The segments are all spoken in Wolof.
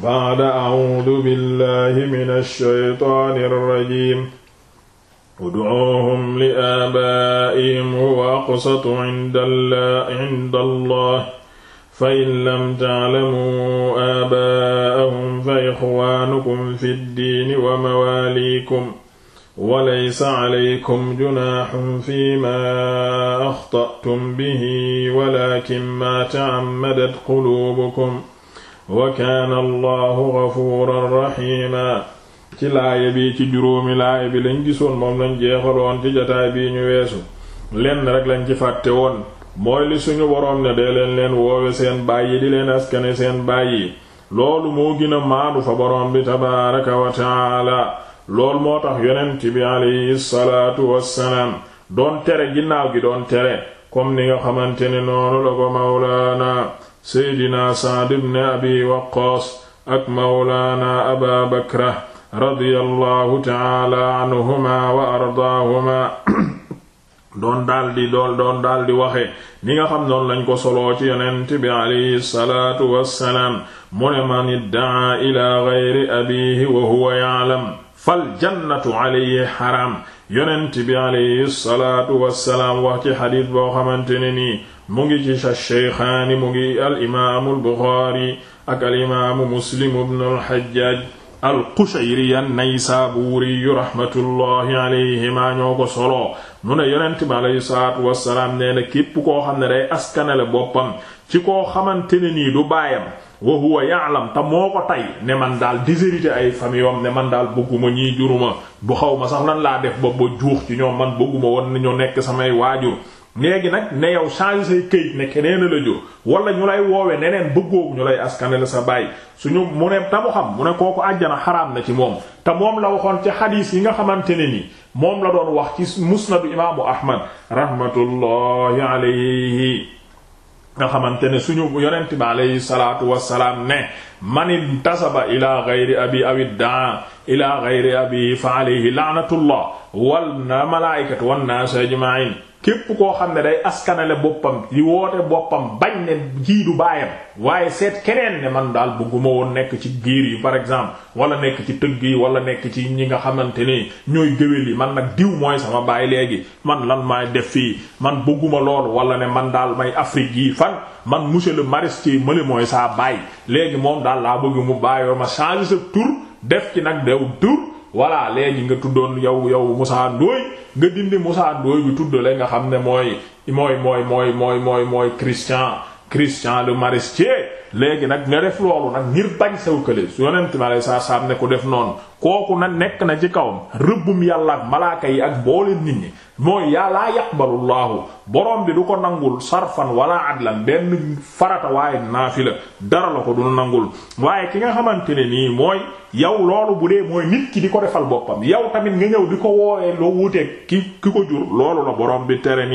ba'da a'uudu billahi mina shaytaani rajiim ud'uuhum li'aabaa'ihim huwa aqsatu 'inda Allah fa in lam ta'lamuu aabaa'ahum fa ixwaanukum fi ddiini wa mawaaliikum walaysa calaykum junaaxun fiimaa axta'tum bihi walaakin maa ta'ammadat quluubukum wa kaana allahu gafuuran raxiima ci laaya bi ci juróomi laaya bi lañ gisoon moom lañ jeexaloon ci jataay bi ñu weesu lenn rek lañ ci fàtte woon mooy li suñu boroom ne dee leen leen woowe seen bàyyi di leen askane seen bàyyi loolu moo gina a maandu fa boroom bi tabaaraka wa taala loolu moo tax yonent bi alayhi salaatu wassalaam doon tere ginnaaw gi doon tere comme ni nga xamante ne noonu la ko mawlaana seydina saad abi waqaas ak mawlaana aba bakra radiyallahu taala anhuma wa ardaahuma doon daldi daldi waxe ni nga xam noonu lañ ko soloo ci yonent bi alayhi wassalaam mu man iddaa ila gayri abiihi wa huwa ya'lam fal jannatu alayhi xaram yonent bi alayhi salaatu wassalaam wax ci xadiis boo xamante ne nii mu ngi ci Shaykhaani mu ngi al imaamu al Buxaari ak al imaamu Muslim ibn al Hajjaaj al-Qushayri saabu naysaburi rahmatullahi alayhima ñoo ko solo mu ne yonent bi alayhi salaatu wassalaam nee na képp koo xam ne day askanale boppam ci koo xamante ne nii du baayam wa huwa ya'lam ta moo ko tey ne man daal déshérité ay famille ne man daal bëgguma ñii juruma bu xaw ma sax lan laa def ba ba juux ci ñoom man bëgguma woon nañu nekk samay waajur léegi nag ne yow changé say këyit ne keneen la jur wala ñu lay woowee neneen bëggoogu ñu lay askanele sa bàyyi suñu mu ne tamu xam mu ne kooku àjjana xaraam na ci moom te moom la waxoon ci xadiis yi nga xamante ni moom la doon wax ci musnadu imaamu ahmad rahmatullahi alayhi nga xamante ne suñu yonent bi alayhi salaatu wassalaam ne man intasaba ila gayri abi aw iddaa ila gayri abi fa alayhi laanatullah wal na malaayikatu wan naas ajmain képp koo xam ne day askanale boppam di woote boppam bañ ne kii du baayam waaye seet keneen ne man daal bëgguma woon nekk ci giir yi par exemple wala nekk ci tëgg yi wala nekk ci ñi nga xamante ni ñooy géwél yi man nag diw mooy sama baay léegi man lan maay def fii man bëgguma lool wala ne man daal may Afrique yi fan man monsieur le maristie mali mooy saa baay daal laa bëgg mu bàyyoo ma changer sa tur def ci nag dew tur voilà léegi nga tuddoon yow yow Moussa Ndoye nga dindi Moussa Ndoye bi tuddale nga xam ne mooy mooy mooy mooy mooy mooy mooy Christian Christian le Maresquier léegi nag nga def loolu nag ngir bañ saw kële su yonent ma lay saa saam ne ko def noonu kooku na nekk na ci kawam rëbbum yàlla ak malaaka yi ak booleen nit ñi mooy yàllaa yaqbalu laahu borom bi du ko nangul sarfan wala adlan benn farata waaye naafila dara la ko du nangul waaye ki nga xamante ne nii mooy yow loolu bu dee mooy nit ki di ko defal boppam yow tamit nga ñëw di ko woowee loo wuuteeg ki ko jur loolu la borom bi tere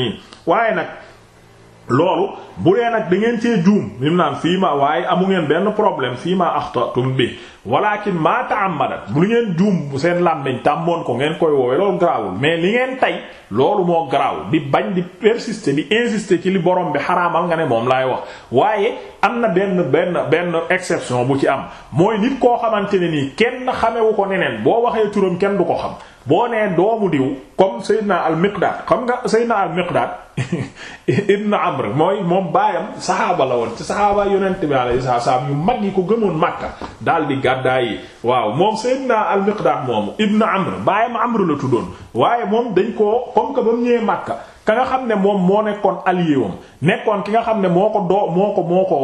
loolu bu dee nag da ngeen cee juum li mu naan fii ma waaye amu ngeen benn problème fii ma axtatum bi walakin maa ta'ammadat bu lu ngeen juum seen làmmiñ tàmmoon ko ngeen koy woowee loolu garaawul mais li ngeen tey loolu moo garaaw bi bañ di persister di insister ci li borom bi xaraamal nga ne moom laay wax waaye am na benn benn benn exception bu ci am mooy nit koo xamante ne nii kenn xamewu ko neneen boo waxee turam kenn du ko xam boo nee doomu diw comme Seydina al-Miqdaad xam nga na al-Miqdaad ibn Amr mooy moom baayam saxaaba la woon ci saxaaba yonent bi alayhi yu mag yi ko gëmoon Makka daal gàddaay yi waaw moom Seydina al-Miqdaad moomu Ibn Amr baayam Amr la tuddoon waaye moom dañ koo comme que ba mu ñëwee Makka ka nga xam ne moom moo nekkoon allié wam nekkoon ki nga xam ne moo ko doo moo ko moo ko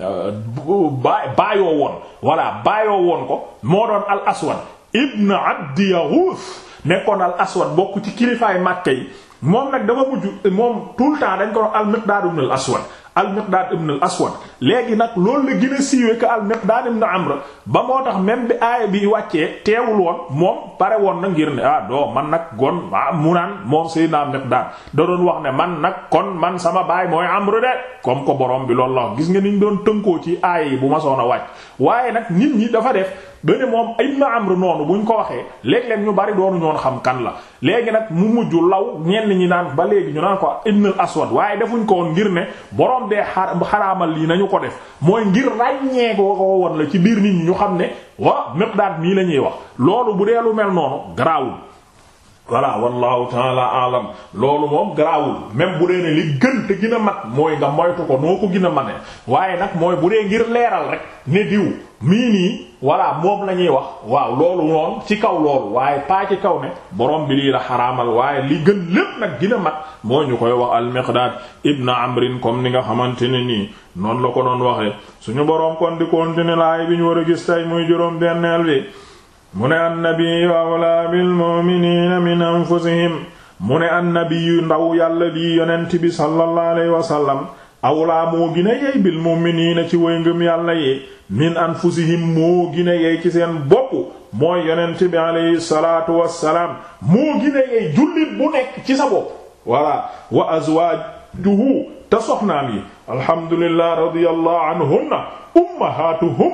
euh, baayoo woon voilà baayoo woon ko moo doon al aswad ibn abdi yaghuth nekkoon al aswad bokk ci kilifaay Makka yi moom nag dafa mujj moom tout le temps dañ ko doon al miqdaad ibn al-Miqdaad ibn al-Aswad léegi nag loolu la gën a siiwee que al-Miqdaad ibn Amr ba moo tax même bi aaya bi wàccee teewul woon moom pare woon na ngir ne ah doo man nag gon ah mu naan moom Seydina al-Miqdaad da doon wax ne man nag kon man sama baay mooy Amr de comme ko borom bi loolu la gis nga ñu doon tënkoo ci aaya yi bu ma soon a wàcc waaye nag nit ñi dafa def bene moom ibn Amr noonu ñu ko waxee léeg-léeg ñu bari doonu ñoon xam kan la léegi nag mu mujj law ñenn ñi naan ba léegi ñu ko ibn al waaye defuñ ko woon ngir ne borom bee xaraamal lii nañu ko def mooy ngir ràññee ko ko la ci biir nit ñi ñu xam ne wa miqdaad mii la ñuy wax loolu bu dee lu mel noonu garaawul. voilà wallahu taala alam loolu moom garaawul même bu dee ne li gën te gën mat mooy nga moytu ko noo ko gën a mane waaye nag mooy bu dee ngir leeral rek ne diw mii nii. voilà moom la ñuy wax waaw loolu noonu ci kaw loolu waaye paa ci kaw ne borom bi lii la xaraamal waaye li gën lépp nag dina mat moo ñu koy wax al-Miqdaad ibn Amrin comme ni nga xamante ne nii noonu la ko doon waxee suñu borom kon di continuer bi ñu war a gis tey muy juróom benneel bi mu ne annabiyu awlaa bil mu'miniina min anfusihim mu ne annabiyu ndaw yàlla lii yonent bi sallallahu alayhi wa sallam awlaa moo gën a yey bil mu'miniina ci way ngëm yàlla yi min anfusihim moo gën a ci seen bopp mooy yonent bi alayhi moo gën a yey jullit bu nekk ci sa bopp voilà wa azwaajuhu te soxnaam yi alhamdulillah radiyallahu anhunna ummahatuhum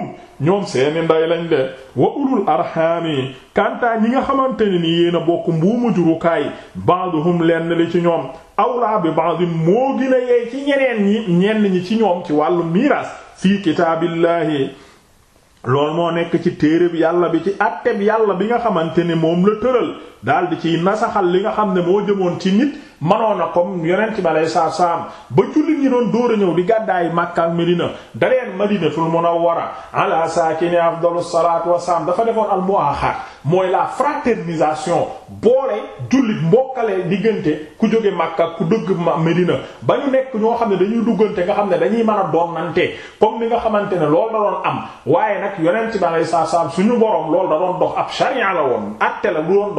ñoom seeni nday lañ de wa ulul arhami kantaa ñi nga xamante ni nii yéen a bokk mbuumu jurukaay baaduhum lenn li ci ñoom aw bi baadin moo gën yey ci ñeneen ñenn ñi ci ñoom ci wàllu miiras fii kitaabillahi loolu moo nekk ci téere bi yàlla bi ci àtte bi bi nga xamante ne moom la tëral daal di ciy nasaxal li nga xam ne moo jëmoon ci nit manoon na comme yonent bi aleyhi salaatu salaam ba jullit ñi doon dóor a ñëw di gàddaay Makka ak Medina daleen Madinatul Munawwara ala saakini afdalus salaatu wassalaam dafa defoon al muwaaxaat mooy la fraternisation boole jullit mbokkale diggante ku jóge Makka ku dëgg Medina ba ñu nekk ñoo xam ne dañuy duggante nga xam ne dañuy mën a doonante comme ni nga xamante ne lool da doon am waaye nag yonent bi aleyhi salaatu salaam suñu borom loolu da doon dox ab sharia la woon atte la lu doon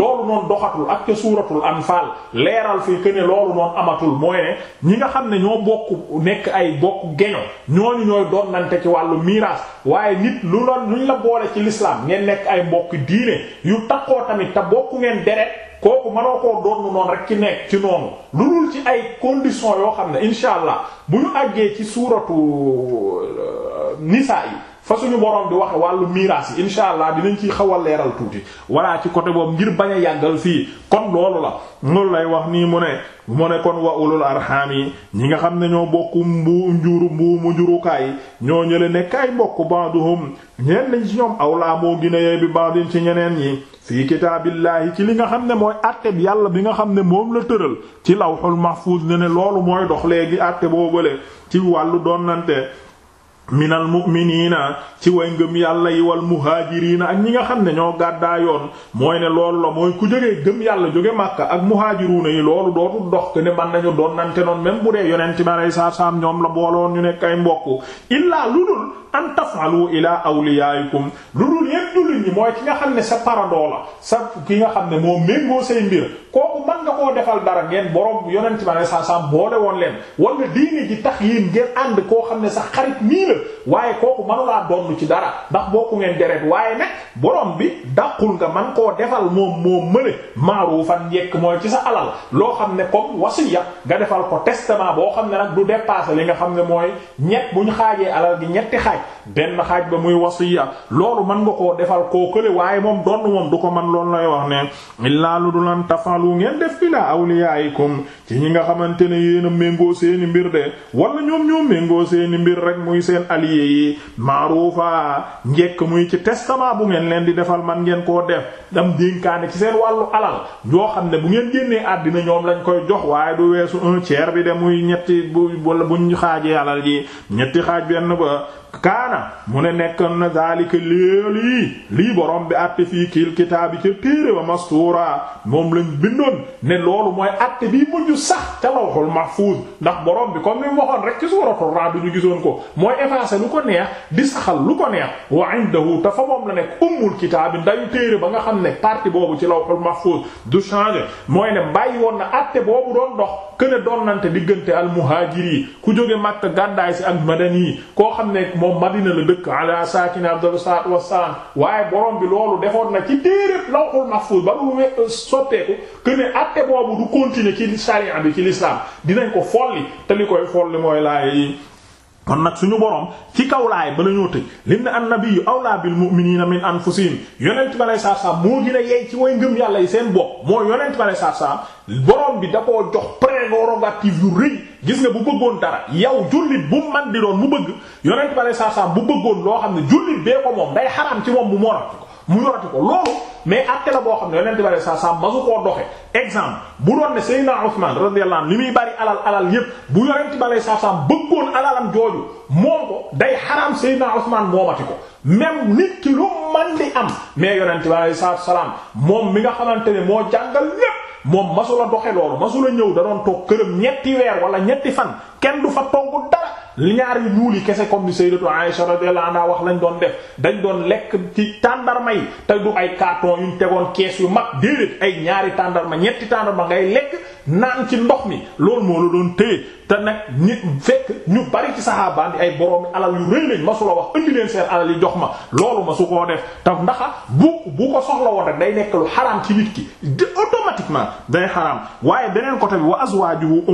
loolu noonu doxatul ak ca suuratul anfaal leeral fii que ne loolu noonu amatul mooyen ñi nga xam ne ñoo bokk nekk ay bokk geño ñooñu ñooy donnante ci wàllu miraas waaye nit lu noonu ñu la boole ci lislaam ngeen nekk ay mbokk diine yu takkoo tamit te bokku ngeen deret kooku mënoo koo doon noonu rek ci nekk ci noonu lu dul ci ay conditions yoo xam ne incha allah bu ñu àggee ci suuratu euh, nisaa yi. fa suñu borom di wax wàllu miraas yi insha allah dinañ ciy xaw a leeral tuuti walla ci côté boobu ngir bañ a yàggal fii kon loolu la loolu lay wax nii mu ne mu ne kon wa ulul arham yi ñi nga xam ne ñoo bokk mbuu njuru mbuu mu njurukaay ñoo ñële nekk ay mbokk baaduhum ñeen nañ ci ñoom awlaa moo ginayee bi baadin ci ñeneen ñi fii kitaabillahi ci li nga xam ne mooy àtte bi yàlla bi nga xam ne moom la tëral ci lawhul mahfuz ne ne loolu mooy dox léegi àtte boobale ci wàllu doon nante minal mu'miniina ci way ngëm yàlla yi wal muhaajiriina ak ñi nga xam ne ñoo gàddaayoon mooy ne loolu la mooy ku jógee gëm yàlla jóge Makka ak muhaajiruuna yi loolu dootul dox que ne mën nañu doon nante noon même bu dee yonente mi alei saatu salaam ñoom la booloon ñu nekk ay mbokk illaa lu dul an taf'alu ilaa awliyaa'ikum lu dul yéen jullit ñi mooy ki nga xam ne sa parandoo la sa ki nga xam ne moo méngoo say mbir koo defal dara ngeen borom yonent ma ne sa boo boole woon leen wala diine ji tax yéen ngeen ànd koo xam ne sa xarit nii la waaye kooku manulaa donn ci dara ndax bokku ngeen deret waaye nag borom bi dàqul nga man koo defal moom moo mëne maaruufan njekk mooy ci sa alal loo xam ne comme wasiya nga defal ko testament boo xam ne nag du dépasser li nga xam ne mooy ñett bu ñu xaajee alal gi ñetti xaaj benn xaaj ba muy wasiya loolu mën nga koo defal koo kële waaye moom donn moom du ko man loolu lay wax ne illaa lu du lan tafalu ngeen def ilaa awliyaikum ci ñi nga xamante ne yéen a méngoo seeni mbir de wala ñoom ñoom méngoo seeni mbir rek muy seen allié yi maaruufa njekk muy ci testament bu ngeen leen di defal man ngeen koo def dam dénkaane ci seen wàllu alal yoo xam ne bu ngeen génnee àddina ñoom lañ koy jox waaye du weesu un bi de muy ñetti bu buñ xaajee alal ji ñetti xaaj benn ba kaana mu ne nekk na daalika léelu yi lii borom bi àtte fii kiil kitaabi ca téere ba mastuura moom lañ bindoon ne loolu mooy àtte bii mujj sax ca lawhul mahfuuz ndax borom bi comme ni mu waxoon rek ci suuratul Ra'd ñu gisoon ko mooy effacer lu ko neex di saxal lu ko neex wa indahu te fa moom la nekk ummul kitaabi ndayu téere ba nga xam ne partie boobu ci lawhul mahfuuz du changer mooy ne bàyyi woon na àtte boobu doon dox këne doon nante diggante al muhaajiri ku jóge Makka gàddaay si ak koo xam ne moom Madina la dëkk ala saakini afdalu salaatu wassalaam waaye borom bi loolu defoon na ci téere lawhul mahfuz ba mu sotteeku que ne acte boobu du continuer ci charia bi ci l'islam dinañ ko folli te li koy folli mooy laay yi kon nag suñu borom ci kaw laay ba la ñoo tëj lim ne annabiyyu awlaa bil mu'miniina min anfusihim yonent bi alayhi salaam moo gën a yey ci way ngëm yàlla yi seen bopp moo yonent bi alayhi salaam borom bi da koo jox prérogative yu rëy gis nga bu bëggoon dara yow jullit bu man di doon mu bëgg yonent bi alayhi salaam bu bëggoon loo xam ne jullit bee ko moom day xaraam ci moom bu morom mu yorati ko loolu mais àtte la boo xam ne yonente bare sa sa masu koo doxe exemple bu doon ne Seydina Usman radiyallahu anhu li muy bari alal alal yépp bu yonente bare sa sa bëggoon alalam jooju moom ko day xaraam Seydina Usman moomati ko même nit ki lu man di am mais yonente bi alei salaam moom mi nga xamante ne moo jàngal lépp moom masula doxe loolu masula ñëw da doon toog këram ñetti weer wala ñetti fan kenn du fa togg dara ñaari ñaar yu yi kese comme ni sayyidatu Aisha radiyallahu naa wax lañ doon def dañ doon lekk ci tàndarma yi te du ay carton yuñ tegoon kees yu mag déedéet ay ñaari tàndarma ñetti tàndarma ngay lekk naan ci ndox mi loolu moo la doon téye te nag nit fekk ñu bari ci saxaabaan di ay boroomi alal yu rëy lañ la wax indi leen seen alal yi jox ma loolu ma su koo def te ndaxa bu bu ko soxla woon rek day nekk lu ci nit ki automatiquement day xaraam waaye beneen côté bi wa azwaajuhu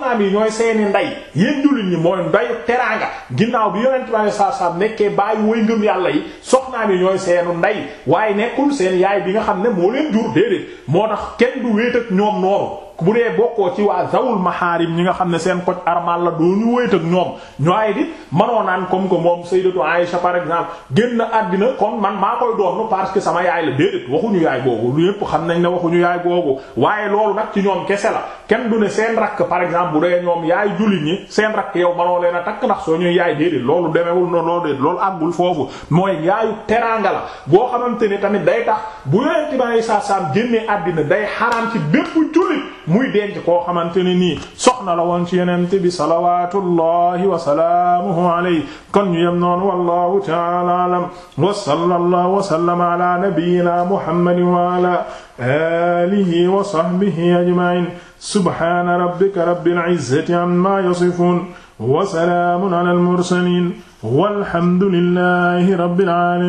soxnaam yi ñooy seeni ndey yéen jullit ñi mooy ndeyu teraanga ginnaaw bi yonent bi sallallahu saa wasallam nekkee bàyyi woy ngëm yàlla yi soxnaam yi ñooy seenu ndey waaye nekkul seen yaay bi nga xam ne moo leen jur déedéet moo tax kenn du wéet ak ñoom noonu bu dee bokkoo ci waa zawul mahaarim ñi nga xam ne seen koj armal la doo ñu wéet ak ñoom ñuwaay dit manoo naan comme que moom sayyidatu Aïsha par exemple génn àddina kon man maa koy doon parce que sama yaay la déedéet waxuñu yaay googu lu yépp xam nañ ne waxuñu yaay googu waaye loolu nag ci ñoom kese la kenn du ne seen rakk par exemple bu dee ñoom yaay jullit ñi seen rakk yow manoo leen a takk ndax soo ñuy yaay déedéet loolu demewul noonu loolu déedéet loolu àggul foofu mooy yaayu teraanga la boo xamante ne tamit day tax bu yonent bi saa saam génnee àddina day xaraam ci bépp jullit muy denc koo xamante ne nii soxna la woon ci yenente bi salawatullahi wa salaamuhu alayhi kon ñu yem noonu wallahu ta'ala alam wa sallallahu wa sallama ala nabiyyina muhammadin wa ala alihi wa sahbihi ajma'in subhana rabbika rabbil izzati amma yasifun wa salaamun ala al mursalin walhamdulillahi rabbil alamin